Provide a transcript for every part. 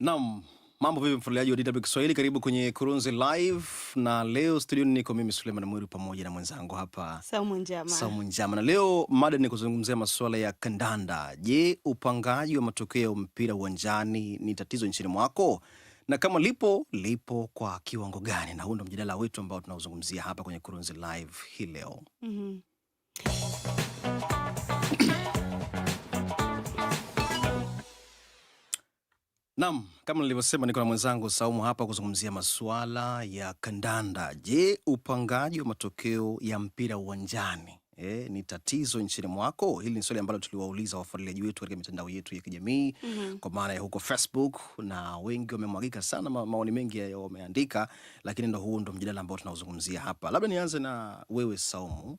Naam, mambo vipi mfuatiliaji wa DW Kiswahili, karibu kwenye Kurunzi Live na leo studioni niko mimi Suleiman Mwiru pamoja na mwenzangu hapa Saumu Njama. Saumu Njama, na leo mada ni kuzungumzia masuala ya kandanda. Je, upangaji wa matokeo ya mpira uwanjani ni tatizo nchini mwako, na kama lipo lipo kwa kiwango gani? Na huu ndo mjadala wetu ambao tunaozungumzia hapa kwenye Kurunzi Live hii leo. mm -hmm. Naam, kama nilivyosema niko na mwenzangu Saumu hapa kuzungumzia masuala ya kandanda. Je, upangaji wa matokeo ya mpira uwanjani E, ni tatizo nchini mwako? Hili ni swali ambalo tuliwauliza wafuatiliaji wetu katika mitandao yetu ya kijamii mm -hmm. Kwa maana ya huko Facebook na wengi wamemwagika sana ma maoni mengi wameandika, lakini ndo huu ndo mjadala ambao tunauzungumzia hapa. Labda nianze na wewe Saumu,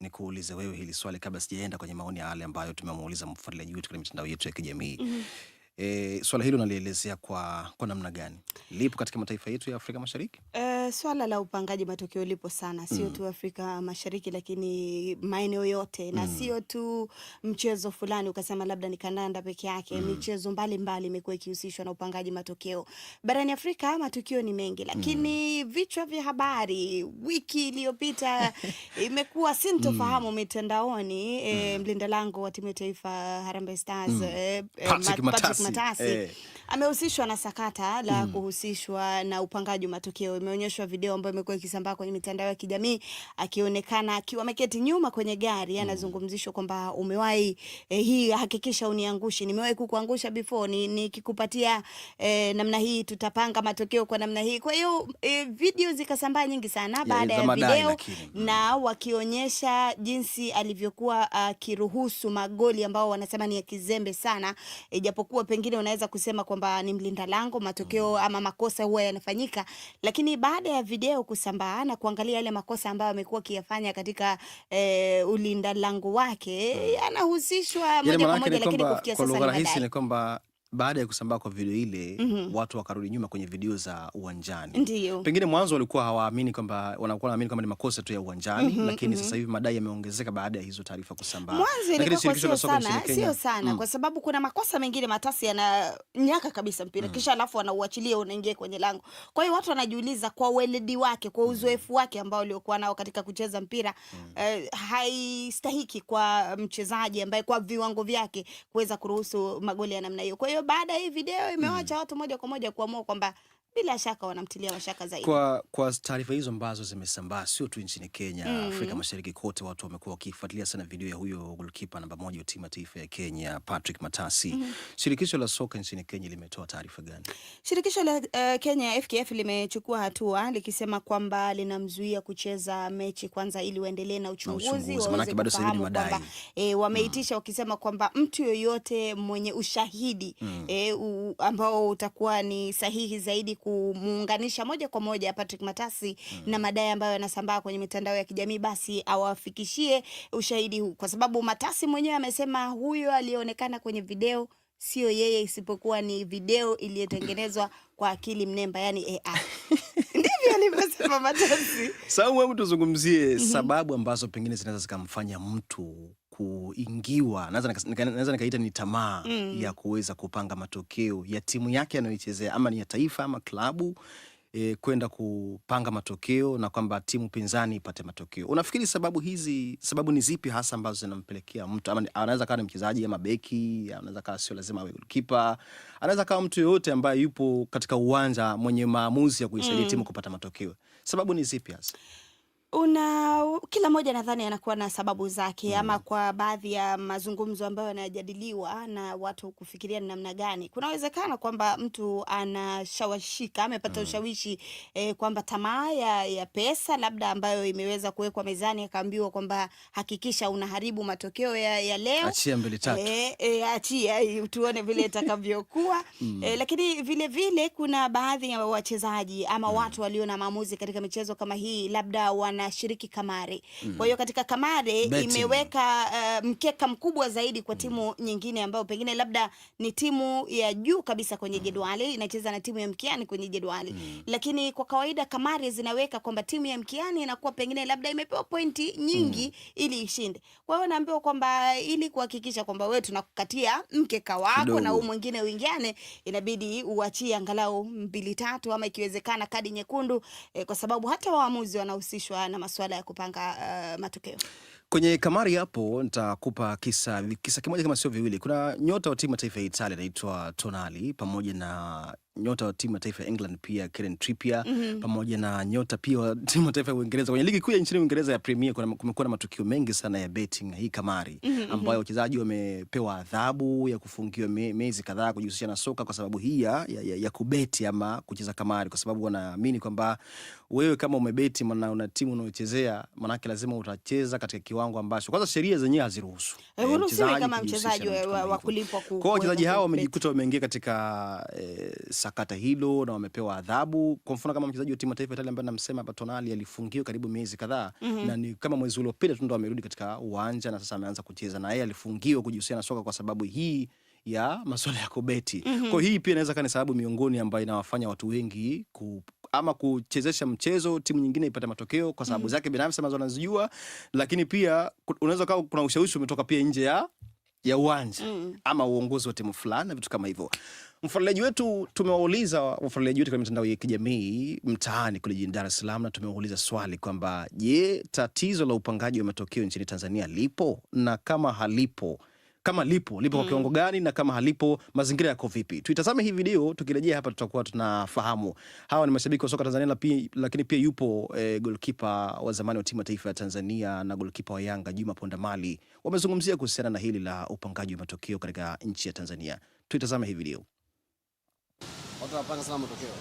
nikuulize wewe hili swali kabla sijaenda kwenye maoni ya wale ambayo tumemuuliza mfuatiliaji wetu katika mitandao yetu ya kijamii mm -hmm. E, swala hilo unalielezea kwa, kwa namna gani? Lipo katika mataifa yetu ya Afrika Mashariki? E, swala la upangaji matokeo lipo sana, sio mm. tu Afrika Mashariki lakini maeneo yote mm. sio tu mchezo fulani ukasema labda ni kandanda peke yake mm. michezo mbalimbali imekuwa ikihusishwa na upangaji matokeo barani Afrika. Matukio ni mengi mm. lakini mm. vichwa vya habari wiki iliyopita imekuwa sintofahamu mm. mitandaoni. E, mlinda lango wa timu ya taifa Harambee Stars mm. e, Patrick matasi eh amehusishwa na sakata la mm. kuhusishwa na upangaji matokeo. Imeonyeshwa video ambayo imekuwa ikisambaa kwenye mitandao ya kijamii akionekana akiwa ameketi nyuma kwenye gari, mm. anazungumzishwa kwamba umewahi eh, hii hakikisha uniangushi, nimewahi kukuangusha before, nikikupatia ni eh, namna hii tutapanga matokeo kwa namna hii. Kwa hiyo eh, video zikasambaa nyingi sana baada ya, ya video mm. na wakionyesha jinsi alivyokuwa akiruhusu ah, uh, magoli ambao wanasema ni ya kizembe sana, ijapokuwa eh, pengine unaweza kusema kwa kwamba ni mlinda lango, matokeo mm. ama makosa huwa yanafanyika, lakini baada ya video kusambaa na kuangalia yale makosa ambayo amekuwa akiyafanya katika eh, ulinda lango wake mm. yanahusishwa moja kwa moja, lakini kufikia sasa ni rahisi ni kwamba baada ya kusambaa kwa video ile mm -hmm. watu wakarudi nyuma kwenye video za uwanjani. Ndiyo. Pengine mwanzo walikuwa hawaamini kwamba wanakuwa naamini kwamba ni makosa tu ya uwanjani mm -hmm, lakini mm -hmm. sasa hivi madai yameongezeka baada ya hizo taarifa kusambaa. Mwanzo ilikuwa sio sana, sio sana mm. kwa sababu kuna makosa mengine matasi yana nyaka kabisa mpira mm kisha alafu wanauachilia unaingia kwenye lango. Kwa hiyo watu wanajiuliza kwa weledi wake, kwa mm. uzoefu wake ambao aliokuwa nao katika kucheza mpira mm eh, haistahiki kwa mchezaji ambaye kwa viwango vyake kuweza kuruhusu magoli ya namna hiyo. Kwa hiyo baada ya hii video imewacha mm. watu moja kwa moja kuamua kwamba bila shaka wanamtilia mashaka zaidi. Kwa, kwa taarifa hizo ambazo zimesambaa sio tu nchini Kenya mm. Afrika Mashariki kote watu wamekuwa wakifuatilia sana video ya huyo goalkeeper namba moja wa timu ya taifa ya Kenya Patrick Matasi mm. Shirikisho la soka nchini Kenya limetoa taarifa gani? Shirikisho la uh, Kenya FKF limechukua hatua likisema kwamba linamzuia kucheza mechi kwanza, ili waendelee na uchunguzi, maanake bado sasa ni madai e, wameitisha mm. wakisema kwamba mtu yoyote mwenye ushahidi mm. e, u, ambao utakuwa ni sahihi zaidi kumuunganisha moja kwa moja Patrick Matasi mm. na madai ambayo yanasambaa kwenye mitandao ya kijamii, basi awafikishie ushahidi huu, kwa sababu Matasi mwenyewe amesema huyo aliyeonekana kwenye video sio yeye, isipokuwa ni video iliyotengenezwa kwa akili mnemba, yani AI. Ndivyo alivyosema Matasi. hebu tuzungumzie mhm. sababu ambazo pengine zinaweza zikamfanya mtu kuingiwa, naweza nikaita ni tamaa mm. ya kuweza kupanga matokeo ya timu yake anayoichezea ama ni ya taifa ama klabu e, kwenda kupanga matokeo na kwamba timu pinzani ipate matokeo. Unafikiri sababu hizi, sababu ni zipi hasa ambazo zinampelekea mtu ama, anaweza kawa ni mchezaji ama beki, anaweza kawa sio lazima awe goalkeeper, anaweza kawa mtu yoyote ambaye yupo katika uwanja mwenye maamuzi ya kuisaidia mm. timu kupata matokeo. Sababu ni zipi hasa? una kila mmoja nadhani anakuwa na sababu zake mm. Ama kwa baadhi ya mazungumzo ambayo yanajadiliwa na watu kufikiria ni namna gani, kuna uwezekano kwamba mtu anashawishika, amepata mm. ushawishi eh, kwamba tamaa ya, ya pesa labda ambayo imeweza kuwekwa mezani, akaambiwa kwamba hakikisha unaharibu matokeo ya, ya leo, achia mbili tatu eh, eh, achia tuone vile itakavyokuwa mm. eh, lakini vile vile kuna baadhi ya wachezaji ama mm. watu walio na maamuzi katika michezo kama hii labda wana wanashiriki kamare mm. Mm-hmm. Kwa hiyo katika kamare Betting. imeweka uh, mkeka mkubwa zaidi kwa timu mm. nyingine ambayo pengine labda ni timu ya juu kabisa kwenye mm. jedwali inacheza na timu ya mkiani kwenye jedwali mm. Lakini kwa kawaida kamare zinaweka kwamba timu ya mkiani inakuwa pengine labda imepewa pointi nyingi mm. ili ishinde. Kwa hiyo naambiwa kwamba ili kuhakikisha kwamba wewe tunakukatia mkeka wako na huu mwingine uingiane, inabidi uachie angalau mbili tatu ama ikiwezekana kadi nyekundu eh, kwa sababu hata waamuzi wanahusishwa na masuala ya kupanga uh, matokeo kwenye kamari hapo, nitakupa kisa kisa kimoja kama sio viwili. Kuna nyota wa timu ya taifa ya Italia anaitwa Tonali pamoja na nyota wa timu ya taifa ya England pia Kieran Trippier mm -hmm. pamoja na nyota pia wa timu ya taifa ya Uingereza kwenye ligi kuu ya nchini Uingereza ya Premier. Kuna kumekuwa na matukio mengi sana ya betting hii kamari mm -hmm. ambayo wachezaji wamepewa adhabu ya kufungiwa miezi me, kadhaa kujihusisha na soka kwa sababu hii ya, ya, ya kubeti ama kucheza kamari, kwa sababu wanaamini kwamba wewe kama umebeti na una timu unaochezea, manake lazima utacheza katika kiwango ambacho kwanza sheria zenyewe haziruhusu wachezaji hao wamejikuta wameingia katika eh, sakata hilo na wamepewa adhabu. Kwa mfano kama mchezaji wa timu ya taifa Italia ambaye namsema hapa Tonali alifungiwa karibu miezi kadhaa mm -hmm. na ni kama mwezi uliopita tu ndo amerudi katika uwanja na sasa ameanza kucheza, na yeye alifungiwa kujihusiana na soka kwa sababu hii ya masuala ya kubeti mm -hmm. kwa hii pia inaweza kuwa ni sababu miongoni ambayo inawafanya watu wengi ku ama kuchezesha mchezo timu nyingine ipate matokeo kwa sababu mm -hmm. zake binafsi ambazo anazijua, lakini pia unaweza kuwa kuna ushawishi umetoka pia nje ya ya uwanja mm -hmm. ama uongozi wa timu fulani na vitu kama hivyo. Mfuatiliaji wetu tumewauliza wafuatiliaji wetu kwenye mitandao ya kijamii mtaani kule jijini Dar es Salaam, na tumewauliza swali kwamba je, tatizo la upangaji wa matokeo nchini Tanzania lipo na kama halipo, kama lipo lipo kwa mm, kiwango gani, na kama halipo mazingira yako vipi? Tuitazame hii video, tukirejea hapa tutakuwa tunafahamu. Hawa ni mashabiki wa soka Tanzania lapi, lakini pia yupo e, eh, golkipa wa zamani wa timu ya taifa ya Tanzania na golkipa wa Yanga Juma Ponda Mali wamezungumzia kuhusiana na hili la upangaji wa matokeo katika nchi ya Tanzania. Tuitazame hii video watu wanapanga sana matokeo.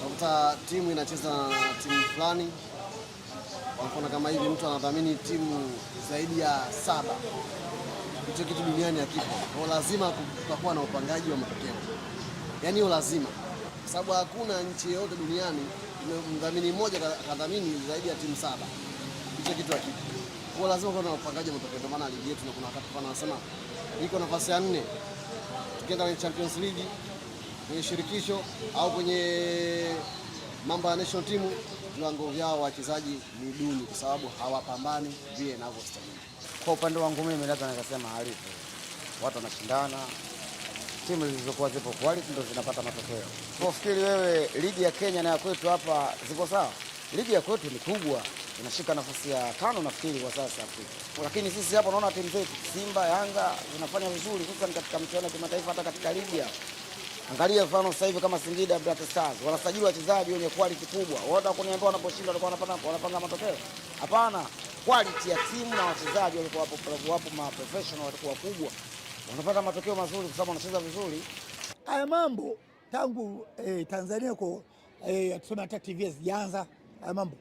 Unakuta timu inacheza na timu fulani, kwa mfano kama hivi, mtu anadhamini timu zaidi ya saba. Hicho kitu duniani hakipo, kwa lazima kutakuwa na upangaji wa matokeo, yaani hiyo lazima, kwa sababu hakuna nchi yoyote duniani mdhamini mmoja kadhamini zaidi ya timu saba. Hicho kitu hakipo, kwa lazima kuwa na upangaji wa matokeo. Ndio maana ligi yetu na kuna wakati pana nasema iko nafasi ya nne, tukienda kwenye Champions League kwenye shirikisho au kwenye mambo ya national team, viwango vyao wachezaji ni duni, kwa sababu hawapambani vile inavyostahili. Kwa upande wangu mimi naweza nikasema halifu, watu wanashindana, timu zilizokuwa zipo quality ndio zinapata matokeo. Nafikiri wewe ligi ya Kenya na ya kwetu hapa ziko sawa. Ligi ya kwetu ni kubwa inashika nafasi ya tano nafikiri kwa sasa Afrika, lakini sisi hapa naona timu zetu Simba, Yanga zinafanya vizuri, hususan katika mchuano wa kimataifa, hata katika ligi hapa Angalia mfano sasa hivi kama Singida Black Stars wanasajili wachezaji wenye quality kubwa. Wote wakuniambia wanaposhinda walikuwa wanapata wanapanga matokeo. Hapana, quality ya timu na wachezaji walikuwa wapo wapo ma professional walikuwa kubwa. Wanapata matokeo mazuri kwa sababu wanacheza vizuri. Haya mambo tangu eh, Tanzania kwa eh, tuseme hata TV zianza haya mambo.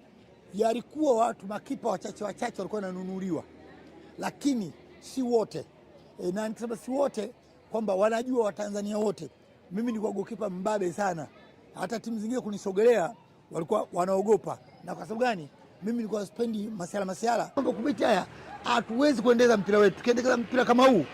Yalikuwa watu makipa wachache wachache walikuwa wananunuliwa. Lakini si wote. Eh, na si wote kwamba wanajua Watanzania wote mimi nilikuwa gokipa mbabe sana, hata timu zingine kunisogelea walikuwa wanaogopa. Na kwa sababu gani? Mimi nilikuwa spendi masiala masiala. Kwa kubeti haya hatuwezi kuendeleza mpira wetu. Tukiendeleza mpira kama huu,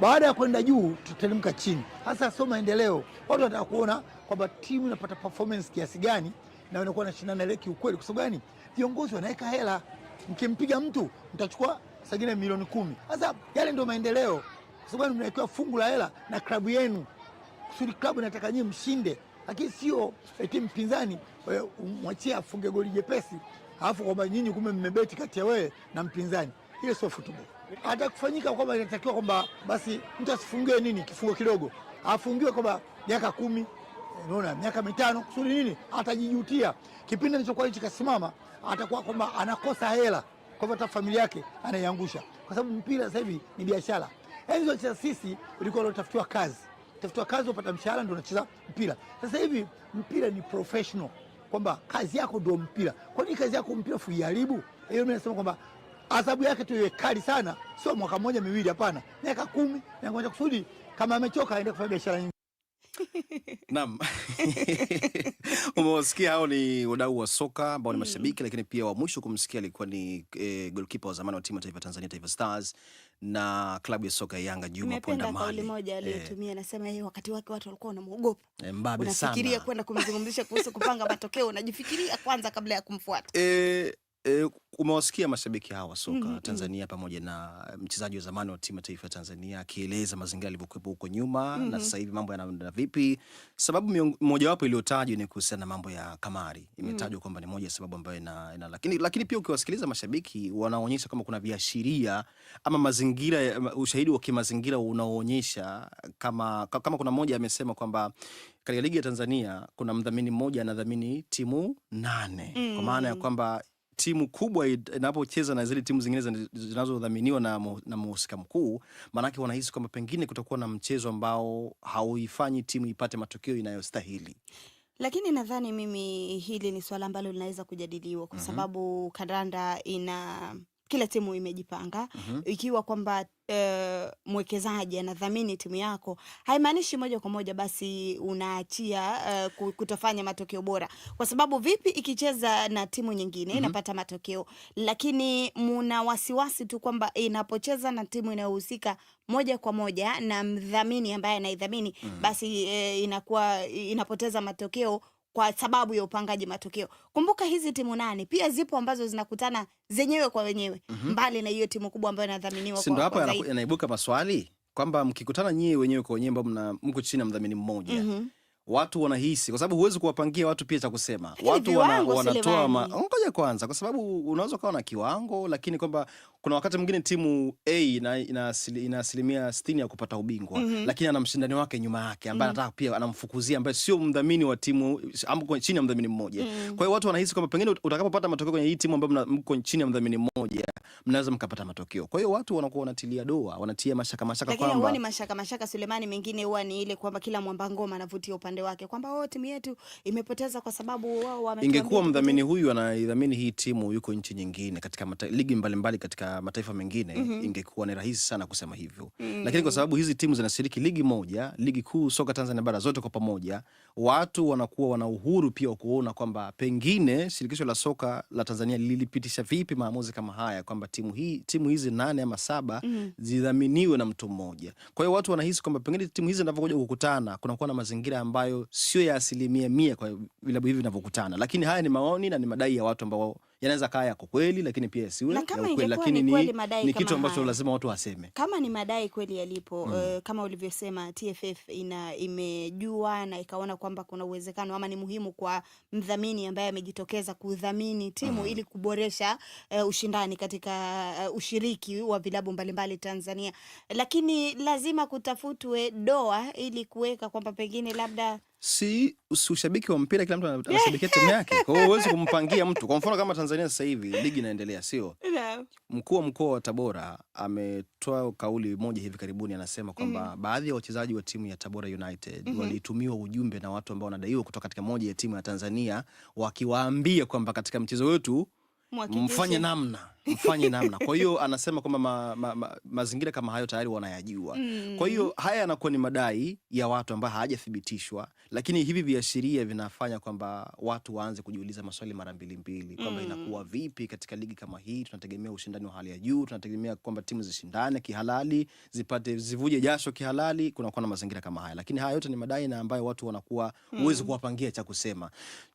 baada ya kwenda juu tutateremka chini. Hasa sio maendeleo. Watu wanataka kuona kwamba timu inapata performance kiasi gani na inakuwa na shindana ile kiukweli. Kwa sababu gani? Viongozi wanaweka hela, mkimpiga mtu mtachukua sagina milioni kumi. Sasa yale ndio maendeleo. Kwa sababu mnawekwa fungu la hela na klabu yenu kusudi klabu inataka nyinyi mshinde, lakini sio eti eh, mpinzani eh, mwachie afunge goli jepesi, alafu kwamba nyinyi kumbe mmebeti kati ya wewe na mpinzani. Ile sio football. Hata kufanyika kwamba inatakiwa kwamba basi mtu asifungiwe nini kifungo kidogo, afungiwe kwamba miaka kumi, eh, unaona miaka mitano, kusudi nini? Atajijutia kipindi alichokuwa hichi kasimama, atakuwa kwamba anakosa hela, kwa hivyo hata familia yake anaiangusha, kwa sababu mpira sasa hivi ni biashara. Enzo cha sisi ulikuwa unatafutiwa kazi tafuta kazi, upata mshahara, ndio unacheza mpira. Sasa hivi mpira ni professional, kwamba kazi yako ndio mpira. Kwa nini kazi yako mpira fuiharibu? Hiyo mimi nasema kwamba adhabu yake tu iwe kali sana, sio mwaka mmoja miwili, hapana, miaka kumi, na ngoja kusudi kama amechoka aende kufanya biashara nyingine. Naam. Umewasikia hao ni wadau wa soka ambao ni mm. mashabiki, lakini pia wa mwisho kumsikia alikuwa ni e, golkipa wa zamani wa timu ya taifa Tanzania Taifa Stars na klabu ya soka ya Yanga Juma Ponda Mali. Kauli moja eh. aliyotumia anasema yeye wakati wake watu walikuwa E, Mbabe sana. Unafikiria kwenda kumzungumzisha kuhusu kupanga matokeo, unajifikiria kwanza kabla ya kumfuata. Eh, E, umewasikia mashabiki hawa soka mm -hmm. Tanzania pamoja na eh, mchezaji wa zamani wa timu ya taifa ya Tanzania akieleza mazingira yalivyokuwepo huko nyuma mm -hmm. na mm-hmm. sasa hivi mambo yanaenda vipi. Sababu mojawapo iliyotajwa ni kuhusiana na mambo ya kamari, imetajwa mm -hmm. kwamba ni moja ya sababu ambayo ina, ina lakini, lakini pia ukiwasikiliza mashabiki wanaonyesha kama kuna viashiria ama mazingira, eh, ushahidi wa kimazingira unaoonyesha kama, kama kuna mmoja amesema kwamba katika ligi ya Tanzania kuna mdhamini mmoja anadhamini timu nane mm -hmm. kwa maana ya mm. kwamba timu kubwa inapocheza na zile timu zingine zinazodhaminiwa na mhusika mkuu, maanake wanahisi kwamba pengine kutakuwa na mchezo ambao hauifanyi timu ipate matokeo inayostahili. Lakini nadhani mimi hili ni suala ambalo linaweza kujadiliwa kwa mm -hmm. sababu kandanda ina kila timu imejipanga mm -hmm. Ikiwa kwamba uh, mwekezaji anadhamini timu yako, haimaanishi moja kwa moja basi unaachia uh, kutofanya matokeo bora, kwa sababu vipi ikicheza na timu nyingine mhm. inapata mm -hmm. matokeo, lakini muna wasiwasi tu kwamba inapocheza na timu inayohusika moja kwa moja na mdhamini ambaye anaidhamini mm -hmm. basi e, inakuwa inapoteza matokeo kwa sababu ya upangaji matokeo. Kumbuka hizi timu nane pia zipo ambazo zinakutana zenyewe kwa wenyewe mm -hmm. mbali na hiyo timu kubwa ambayo inadhaminiwa. Si ndo hapo yanaibuka maswali kwamba mkikutana nyie wenyewe kwa wenyewe ambao mna mko chini ya mdhamini mmoja mm -hmm. watu wanahisi, kwa sababu huwezi kuwapangia watu pia cha kusema, watu wana, ngoja kwanza, kwa sababu unaweza ukawa na kiwango lakini kwamba kuna wakati mwingine timu A ina, ina, ina asilimia sitini ya kupata ubingwa mm -hmm. lakini ana mshindani wake nyuma yake ambaye mhm. anataka mm -hmm. pia anamfukuzia ambaye sio mdhamini wa timu chini ya mdhamini mmoja mm -hmm. kwa hiyo watu wanahisi kwamba pengine utakapopata matokeo kwenye hii timu ambayo mko chini ya mdhamini mmoja mnaweza mkapata matokeo. Kwa hiyo watu wanakuwa wanatilia doa, wanatia mashaka mashaka kwamba lakini huwa ni mashaka mashaka Sulemani, mengine huwa ni ile kwamba kila mwamba ngoma anavutia upande wake kwamba oh, timu yetu imepoteza kwa sababu wao wamekuwa. Ingekuwa mdhamini huyu anaidhamini hii timu yuko nchi nyingine katika ligi mbalimbali katika mataifa mengine mm -hmm. ingekuwa ni rahisi sana kusema hivyo mm -hmm. lakini kwa sababu hizi timu zinashiriki ligi moja, ligi kuu soka Tanzania bara zote kwa pamoja, watu wanakuwa wana uhuru pia wa kuona kwamba pengine shirikisho la soka la Tanzania lilipitisha vipi maamuzi kama haya kwamba timu hii, timu hizi nane ama saba mm -hmm. zidhaminiwe na mtu mmoja. Kwa hiyo watu wanahisi kwamba pengine timu hizi zinavyokuja kukutana kunakuwa na mazingira ambayo sio ya asilimia mia kwa vilabu hivi vinavyokutana, lakini haya ni maoni na ni madai ya watu ambao yanaweza kaa yako kweli, lakini pia yasiwe ya kweli, lakini ni, kweli ni kitu ambacho lazima watu waseme kama ni madai kweli yalipo. mm. Uh, kama ulivyosema TFF ina imejua na ikaona kwamba kuna uwezekano ama ni muhimu kwa mdhamini ambaye amejitokeza kudhamini timu mm. ili kuboresha uh, ushindani katika uh, ushiriki wa vilabu mbalimbali Tanzania, lakini lazima kutafutwe doa ili kuweka kwamba pengine labda si ushabiki wa mpira, kila mtu anashabikia timu yake. Kwa hiyo huwezi kumpangia mtu. Kwa mfano kama Tanzania sasa hivi ligi inaendelea, sio no. Mkuu wa mkoa wa Tabora ametoa kauli moja hivi karibuni, anasema kwamba mm. baadhi ya wachezaji wa timu ya Tabora United mm -hmm. walitumiwa ujumbe na watu ambao wanadaiwa kutoka katika moja ya timu ya Tanzania wakiwaambia kwamba katika mchezo wetu mfanye namna mfanye namna. Kwa hiyo anasema kwamba ma, ma, ma, mazingira kama hayo tayari wanayajua mm. Kwa hiyo haya yanakuwa ni madai ya watu ambayo hayajathibitishwa, lakini hivi viashiria vinafanya kwamba watu waanze kujiuliza maswali mara mbili mbili kwamba mm. inakuwa vipi katika ligi kama hii? Tunategemea ushindani wa hali ya juu, tunategemea kwamba timu zishindane kihalali, zipate zivuje jasho kihalali, kunakuwa na mazingira kama haya, lakini haya yote ni madai na ambayo watu wanakuwa huwezi mm. kuwapangia cha kusema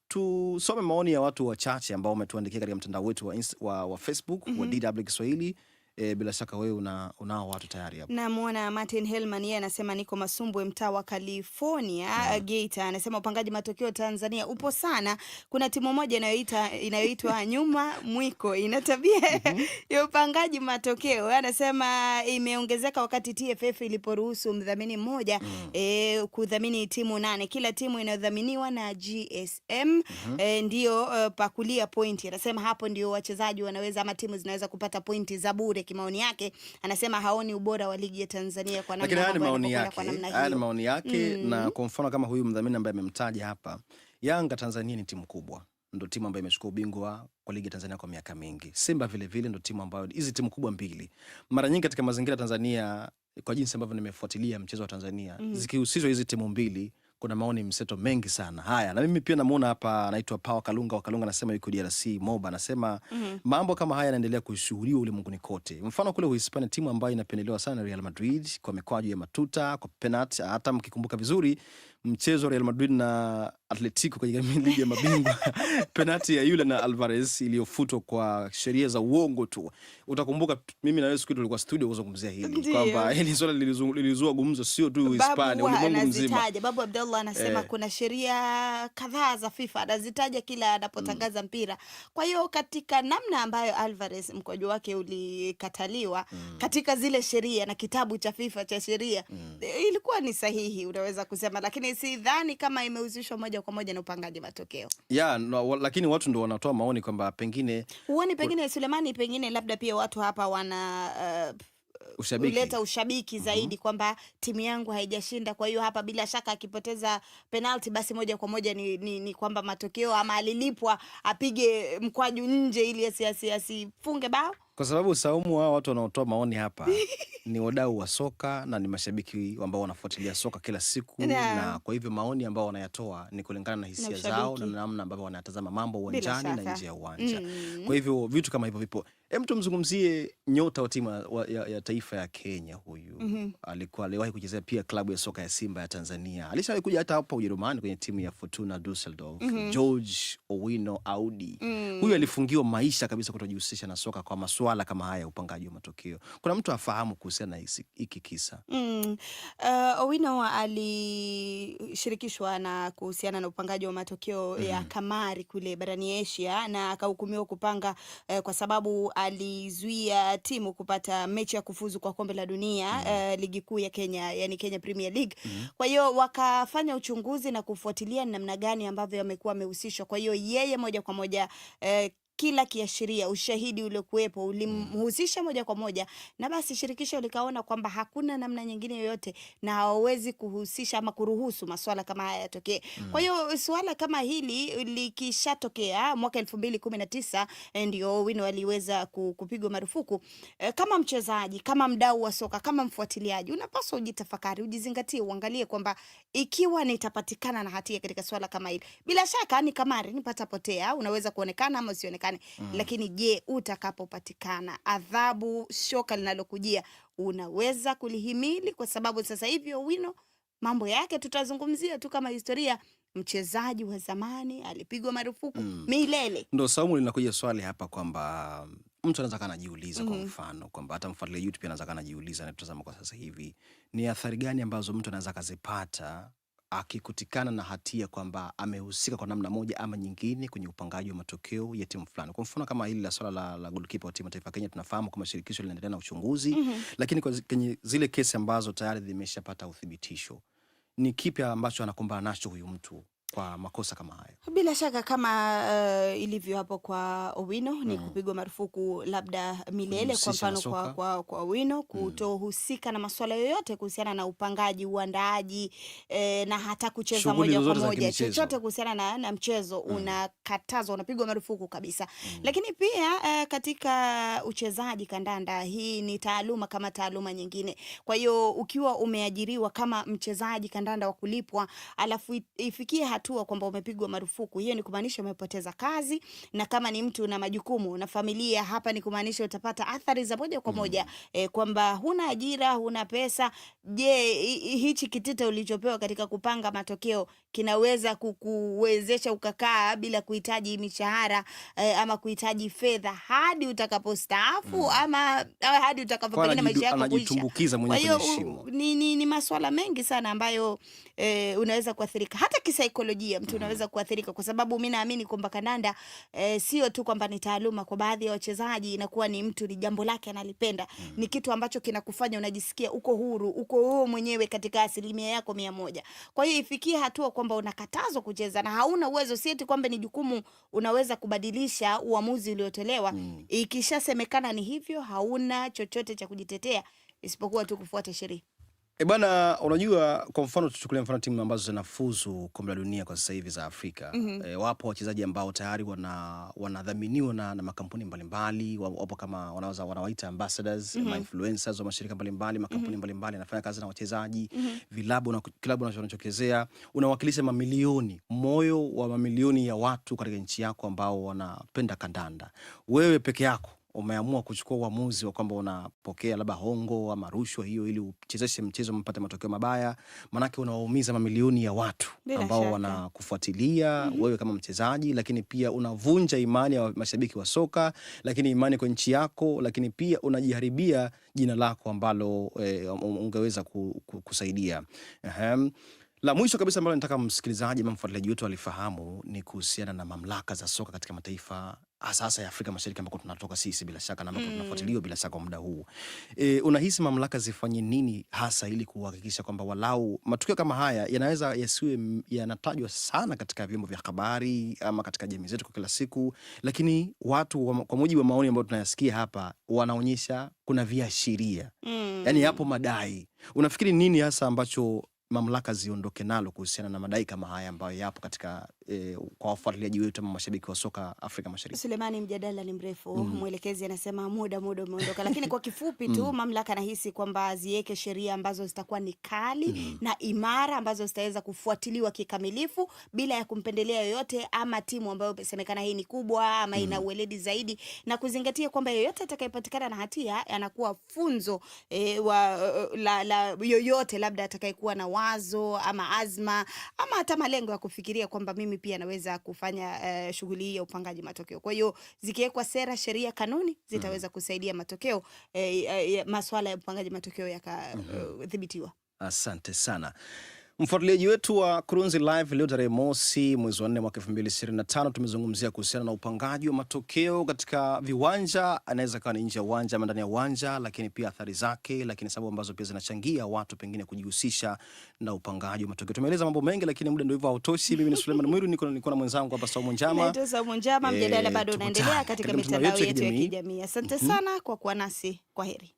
tusome maoni ya watu wachache ambao wametuandikia katika mtandao wetu wa, wa, wa Facebook mm -hmm. wa mhm. DW Kiswahili e, bila shaka wewe una, unao watu tayari hapo. Namwona Martin Helman yeye anasema niko Masumbwe mtaa wa California yeah. Mm. Geita anasema upangaji matokeo Tanzania upo sana, kuna timu moja inayoita inayoitwa nyuma mwiko ina tabia mm -hmm. ya upangaji matokeo. Anasema imeongezeka wakati TFF iliporuhusu mdhamini mmoja mm. e, kudhamini timu nane, kila timu inayodhaminiwa na GSM mm -hmm. e, eh, ndio uh, pakulia pointi. Anasema hapo ndio wachezaji wanaweza ama timu zinaweza kupata pointi za bure kimaoni yake anasema haoni ubora wa ligi ya Tanzania kwa namna, haya ni maoni yake, haya ni maoni yake. Na kwa mfano kama huyu mdhamini ambaye amemtaja hapa, Yanga Tanzania ni timu kubwa, ndo timu ambayo imechukua ubingwa kwa ligi ya Tanzania kwa miaka mingi. Simba vile vile ndo timu ambayo, hizi timu kubwa mbili, mara nyingi katika mazingira Tanzania, kwa jinsi ambavyo nimefuatilia mchezo wa Tanzania, mm. zikihusishwa hizi timu mbili kuna maoni mseto mengi sana. Haya, na mimi pia namuona hapa anaitwa Pawa Kalunga. Kalunga anasema yuko DRC Moba, anasema mm -hmm. mambo kama haya yanaendelea kushuhudiwa ulimwenguni kote. Mfano kule Uhispania, timu ambayo inapendelewa sana Real Madrid kwa mikwaju ya matuta, kwa penalti, hata mkikumbuka vizuri mchezo wa Real Madrid na Atletico katika ligi ya mabingwa penati ya yule na Alvarez iliyofutwa kwa sheria za uongo tu. Utakumbuka mimi na wewe siku tulikuwa studio kuzungumzia hili kwamba hili eh, swala lilizua gumzo sio tu Hispania, ulimwengu mzima. Babu Abdallah anasema eh, kuna sheria kadhaa za FIFA anazitaja kila anapotangaza mm, mpira. Kwa hiyo katika namna ambayo Alvarez mkwaju wake ulikataliwa mm, katika zile sheria na kitabu cha FIFA cha sheria mm, ilikuwa ni sahihi, unaweza kusema lakini sidhani kama imehusishwa moja kwa moja na upangaji matokeo yeah, no, lakini watu ndo wanatoa maoni kwamba pengine huoni, pengine Sulemani, pengine labda pia watu hapa wana uh, ushabiki. Uleta ushabiki mhm. zaidi mm -hmm. kwamba timu yangu haijashinda, kwa hiyo hapa bila shaka akipoteza penalti basi moja kwa moja ni, ni, ni kwamba matokeo ama alilipwa apige mkwaju nje ili asifunge bao kwa sababu Saumu, hao watu wanaotoa maoni hapa ni wadau wa soka na ni mashabiki ambao wanafuatilia soka kila siku na, na kwa hivyo maoni ambao wanayatoa ni kulingana na hisia zao na namna ambavyo wanatazama mambo uwanjani na nje ya uwanja mm. Kwa hivyo vitu kama hivyo vipo. Hem, tumzungumzie nyota wa timu ya, ya taifa ya Kenya huyu mm -hmm. Alikuwa aliwahi kuchezea pia klabu ya soka ya Simba ya Tanzania, alishawahi kuja hata hapa Ujerumani kwenye timu ya Fortuna Dusseldorf mm -hmm. George Owino Audi mm Huyu alifungiwa maisha kabisa kutojihusisha na soka kwa maswala masuala kama haya upangaji wa matokeo. Kuna mtu afahamu kuhusiana na hiki kisa? Mm, uh, Owino alishirikishwa na kuhusiana na upangaji wa matokeo mm, ya mm-hmm. kamari kule barani Asia na akahukumiwa kupanga uh, kwa sababu alizuia timu kupata mechi ya kufuzu kwa kombe la dunia mm, uh, ligi kuu ya Kenya, yani Kenya Premier League mm. Kwa hiyo wakafanya uchunguzi na kufuatilia namna gani ambavyo amekuwa amehusishwa. Kwa hiyo yeye moja kwa moja uh, kila kiashiria, ushahidi uliokuwepo ulimhusisha moja kwa moja, na basi shirikisho likaona kwamba hakuna namna nyingine yoyote na hawawezi kuhusisha ama kuruhusu maswala kama haya yatokee. Mm. Kwa hiyo mm. swala kama hili likishatokea mwaka 2019 eh, ndio Owino aliweza kupigwa marufuku. Eh, kama mchezaji, kama mdau wa soka, kama mfuatiliaji, unapaswa ujitafakari, ujizingatie, uangalie kwamba ikiwa nitapatikana na hatia katika swala kama hili, bila shaka ni kamari, nipata potea, unaweza kuonekana ama usionekana upatikane mm. Lakini je, utakapopatikana adhabu, shoka linalokujia unaweza kulihimili? Kwa sababu sasa hivi Owino mambo yake tutazungumzia tu kama historia mchezaji wa zamani alipigwa marufuku mm. milele. Ndo Saumu, linakuja swali hapa kwamba mm, mtu anaweza kaa anajiuliza mm -hmm. kwa mm-hmm. mfano kwamba hata mfuatilia YouTube anaweza kaa anajiuliza, natutazama kwa sasa hivi, ni athari gani ambazo mtu anaweza akazipata akikutikana na hatia kwamba amehusika kwa namna moja ama nyingine kwenye upangaji wa matokeo ya timu fulani. Kwa mfano kama hili la swala la, la goalkeeper wa timu taifa Kenya, tunafahamu kwamba shirikisho linaendelea na uchunguzi mm -hmm. Lakini kwenye zile kesi ambazo tayari zimeshapata uthibitisho, ni kipi ambacho anakumbana nacho huyu mtu kwa makosa kama hayo. Bila shaka kama uh, ilivyo hapo kwa Owino mm. ni hmm. kupigwa marufuku labda milele, kwa mfano kwa, kwa, kwa Owino hmm. kutohusika mm. na masuala yoyote kuhusiana na upangaji, uandaaji eh, na hata kucheza moja kwa moja, chochote kuhusiana na, na mchezo mm. unakatazwa, unapigwa marufuku kabisa mm. lakini pia eh, katika uchezaji kandanda, hii ni taaluma kama taaluma nyingine. Kwa hiyo ukiwa umeajiriwa kama mchezaji kandanda wa kulipwa alafu ifikie hatua kwamba umepigwa marufuku, hiyo ni kumaanisha umepoteza kazi, na kama ni mtu na majukumu na familia, hapa ni kumaanisha utapata athari za moja kwa moja mm. E, kwamba huna ajira, huna pesa. Je, hichi kitita ulichopewa katika kupanga matokeo kinaweza kukuwezesha ukakaa bila kuhitaji mishahara e, ama kuhitaji fedha hadi utakapostaafu mm. ama hadi utakapo maisha yako kuisha. Kwa hiyo ni, ni, ni masuala mengi sana ambayo e, unaweza kuathirika hata kisaikolojia kisaikolojia mtu unaweza mm-hmm. kuathirika, kwa sababu mimi naamini kwamba kandanda eh, sio tu kwamba ni taaluma kwa baadhi ya wachezaji, inakuwa ni mtu, ni jambo lake analipenda, mm-hmm. ni kitu ambacho kinakufanya unajisikia uko huru, uko wewe mwenyewe katika asilimia yako mia moja. Kwa hiyo ifikie hatua kwamba unakatazwa kucheza na hauna uwezo, si eti kwamba ni jukumu unaweza kubadilisha uamuzi uliotolewa. Mm. Ikishasemekana ni hivyo, hauna chochote cha kujitetea isipokuwa tu kufuata sheria. E eh, bana, unajua kwa mfano tuchukulie mfano timu ambazo zinafuzu kombe la dunia kwa sasa hivi za Afrika. mm -hmm. E, wapo wachezaji ambao tayari wana wanadhaminiwa na, na makampuni mbalimbali mbali, wapo kama wanaweza wanawaita ambassadors, mm -hmm. influencers wa mashirika mbalimbali makampuni mm -hmm. mbalimbali anafanya kazi na wachezaji mm -hmm. vilabu na klabu unachochezea, unawakilisha mamilioni, moyo wa mamilioni ya watu katika nchi yako ambao wanapenda kandanda, wewe peke yako umeamua kuchukua uamuzi wa kwamba unapokea labda hongo ama rushwa hiyo ili uchezeshe mchezo mpate matokeo mabaya, maanake unawaumiza mamilioni ya watu Bila ambao wanakufuatilia mm -hmm. wewe kama mchezaji, lakini pia unavunja imani ya mashabiki wa soka, lakini imani kwa nchi yako, lakini pia unajiharibia jina lako ambalo eh, ungeweza kusaidia. uh-huh. La mwisho kabisa ambalo nataka msikilizaji ama mfuatiliaji wetu alifahamu ni kuhusiana na mamlaka za soka katika mataifa hasa ya Afrika Mashariki ambako tunatoka sisi bila shaka na ambako mm. tunafuatiliwa bila shaka kwa muda huu. E, unahisi mamlaka zifanye nini hasa ili kuhakikisha kwamba walau matukio kama haya yanaweza yasiwe yanatajwa sana katika vyombo vya habari ama katika jamii zetu kwa kila siku, lakini watu wa, kwa mujibu wa maoni ambayo tunayasikia hapa wanaonyesha kuna viashiria mm. yani yapo madai. Unafikiri nini hasa ambacho mamlaka ziondoke nalo kuhusiana na madai kama haya ambayo yapo katika E, kwa wafuatiliaji wetu ama mashabiki wa soka Afrika Mashariki. Sulemani, mjadala ni mrefu mm. -hmm. Mwelekezi anasema muda muda umeondoka, lakini kwa kifupi tu mm. -hmm. Mamlaka anahisi kwamba ziweke sheria ambazo zitakuwa ni kali mm. -hmm. na imara ambazo zitaweza kufuatiliwa kikamilifu bila ya kumpendelea yoyote ama timu ambayo semekana hii ni kubwa ama mm -hmm. ina ueledi zaidi, na kuzingatia kwamba yoyote atakayepatikana na hatia anakuwa funzo e, wa, la, la, yoyote labda atakayekuwa na wazo ama azma ama hata malengo ya kufikiria kwamba mimi nami pia anaweza kufanya uh, shughuli hii ya upangaji matokeo. Kwa hiyo zikiwekwa sera, sheria, kanuni zitaweza mm-hmm. kusaidia matokeo eh, eh, masuala ya upangaji matokeo yakadhibitiwa. Mm-hmm. Eh, uh, asante sana. Mfuatiliaji wetu wa Kurunzi Live, leo tarehe mosi mwezi wa nne mwaka tano tumezungumzia kuhusiana na upangaji wa matokeo katika viwanja, anaweza kawa ni nje ya uwanja ama ndani ya uwanja, lakini pia athari zake, lakini sababu ambazo pia zinachangia watu pengine kujihusisha na upangaji wa matokeo. Tumeeleza mambo mengi, lakini muda ndio hivyo hautoshi. Mimi ni Suleiman Mwiru, niko niko na mwenzangu hapa Saumu Njama. Ndio Saumu Njama, mjadala eh, bado unaendelea katika mitandao yetu ya kijamii. Asante mhm. sana kwa kuwa nasi, kwa heri,